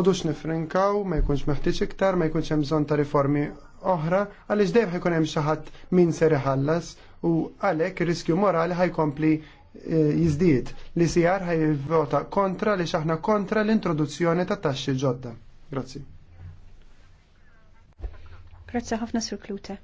Odux nifrinkaw, ma jkunx meħtieġ iktar, ma jkunx hemm bżonn ta' riformi oħra, għaliex dejjem ħajkun hemm xi ħadd min ser iħallas u għalhekk ir-riskju morali ħajkompli e, jizdiet li sijar ħajvota kontra li xaħna kontra l-introduzzjoni ta' taxxi ġodda. Grazzi. Grazzi ħafna sur Klute.